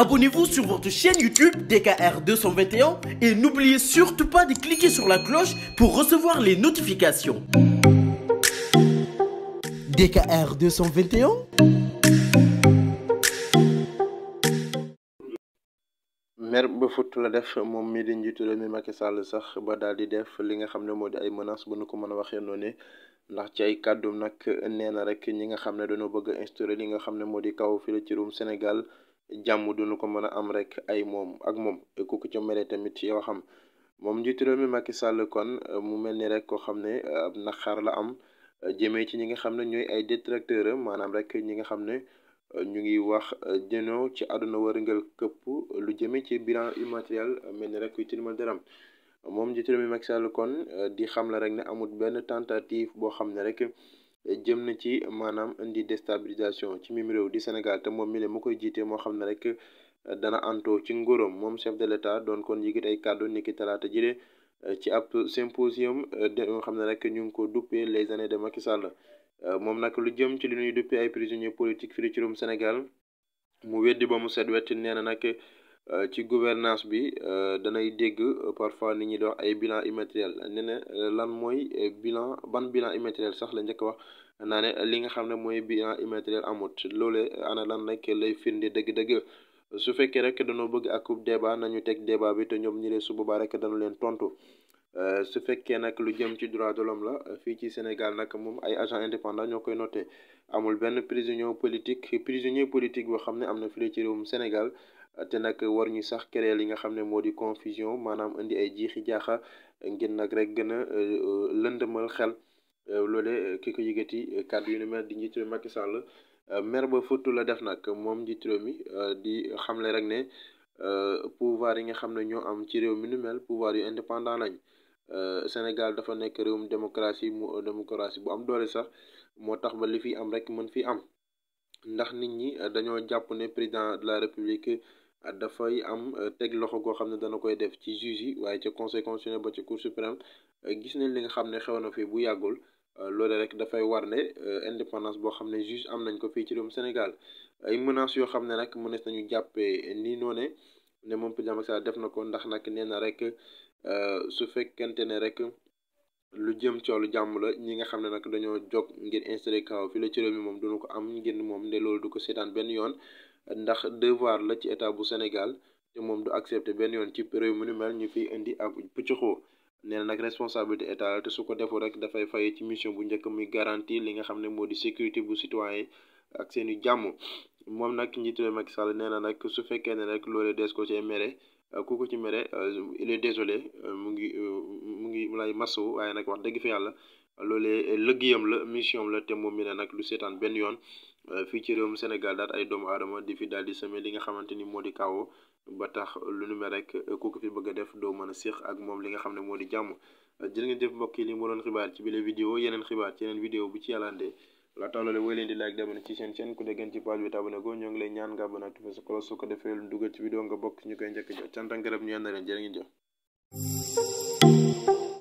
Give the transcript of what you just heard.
Abonnez-vous sur votre chaîne YouTube DKR 221 et n'oubliez surtout pas de cliquer sur la cloche pour recevoir les notifications. DKR 221. mer ba futt la def moom mii di njiitu réew mi Macky Sall sax ba daal di def li nga xam ne moo di ay menaces bu nu ko mën a waxee noonu ndax ci ay kàddum nag nee na rek ñi nga xam ne dañoo bëgg a instaurer li nga xam ne moo di kaw fii la ci réewum Sénégal. jàmm duñu ko mën a am rek ay moom ak moom ku ko ca mere tamit yoo xam moom njiitu réew mi Macky Sall kon euh, mu mel ni rek koo xam ne euh, ab naqar la am euh, jëmee ci ñi nga xam ne ñooy ay détracteur maanaam rek ñi nga xam ne ñu ngi wax jënoo ci àdduna wërngal këpp lu jëmee ci bilan immatériel mel ni rek kuy tilmal dërëm moom njiitu réew mi Macky Sall kon di xam la rek ne amut benn tentative boo xam ne rek jëm na ci maanaam indi déstabilisation ci mim réew di Sénégal te moom mi ne mu koy jiite moo xam ne rek euh, dana anto ci nguuram moom chef de l'État doon kon yëkkati ay kàddu niki talaata jëlee euh, ci ab symposium euh, de nga xam ne rek ñu ngi ko duppee les années de Macky Sall moom nag lu jëm ci li ñuy duppee ay prisonniers politiques fii ci réewum Sénégal mu weddi ba mu set wet nee na nag. Euh, ci gouvernance bi euh, danay dégg euh, parfois nit ñi di wax ay bilan immatériel ne ne lan mooy bilan ban bilan immatériel sax la njëkk wax naa li nga xam ne mooy bilan immatériel amut loole ana lan nag lay firnde dëgg-dëgg su fekkee rek dañoo bëgg ak akub débat nañu teg débat bi te ñoom ñi lee su boobaa rek dañu leen tontu su fekkee nag lu jëm ci droit de l'homme la fii ci Sénégal nag moom ay agent indépendant ñoo koy notee amul benn prisonnier politique prisonnier politique boo xam ne am na fii ci réewum Sénégal te nag war ñu sax créer li nga xam ne moo di confusion maanaam indi ay jiixi jaaxa ngir nag rek gën a euh, lëndëmal xel euh, loole euh, ki ko yëgati kàddu yu ne mel di njiit réew Macky sàll mer ba futtu la def nag moom njiit réew mi di xamle rek ne pouvoir yi nga xam ne ñoo am ci réew mi nu mel pouvoir yu indépendant lañ Sénégal dafa nekk réewum démocratie mu démocratie bu am doole sax moo tax ba li fi am rek mën fi am ndax nit ñi dañoo jàpp ne président de la république dafay am euh, teg loxo goo xam ne dana koy def ci juge yi waaye ca conseil constitutionnel ba ci cour suprême euh, gis nañ li nga xam ne xew na fii bu yàggul euh, loole rek dafay war ne indépendance boo xam ne juge am nañ ko fii ci réewum Sénégal ay menaces yoo xam ne nag mënees nañu jàppee nii noo ne moom président Macky Sall def na ko ndax nag nee na rek su fekkente ne rek lu jëm ci wàllu jàmm la ñi nga xam ne nag dañoo jog ngir installé kaw fii la ci réew mi moom duñu ko am ngir moom ne loolu du ko seetaan benn yoon ndax devoir la ci état bu Sénégal te moom du accepté benn yoon ci réew mu ni mel ñu fiy indi ak pëccëxoo nee na nag responsabilité état la te su ko deful rek dafay fay ci mission bu njëkk muy garanti li nga xam ne moo di sécurité bu citoyen ak seen i jàmm moom nag njiitu réew Macky nee na nag su fekkee ne rek loolee des ko ci mere ko ci mere euh, il est désolé euh, mu ngi euh, mu ngi lay masawu waaye nag wax dëgg fi yàlla loolee lëggéeyam la mission la te moom mi ne nag lu seetaan benn yoon Euh, fii ci réewum Sénégal daal ay doomu aadama di fi daal di semé li nga xamante ni moo di kawo ba tax lu nu mel rek ku ko fi bëgg def doo mën a séq ak moom li nga xam ne moo di jàmm jërë ngeen jëf mbokk yi li moo doon xibaar ci bile vidéo yeneen xibaar ci yeneen vidéo bu ci yàllaandee laataa loolu woy leen di like demone ci seen chaîne ku déggan ci page bi tabane ko ñoo ngi lay ñaan nga abonné activer sa su ko defee lu dugal ci vidéo nga bokk ñu koy njëkk jot cantangarab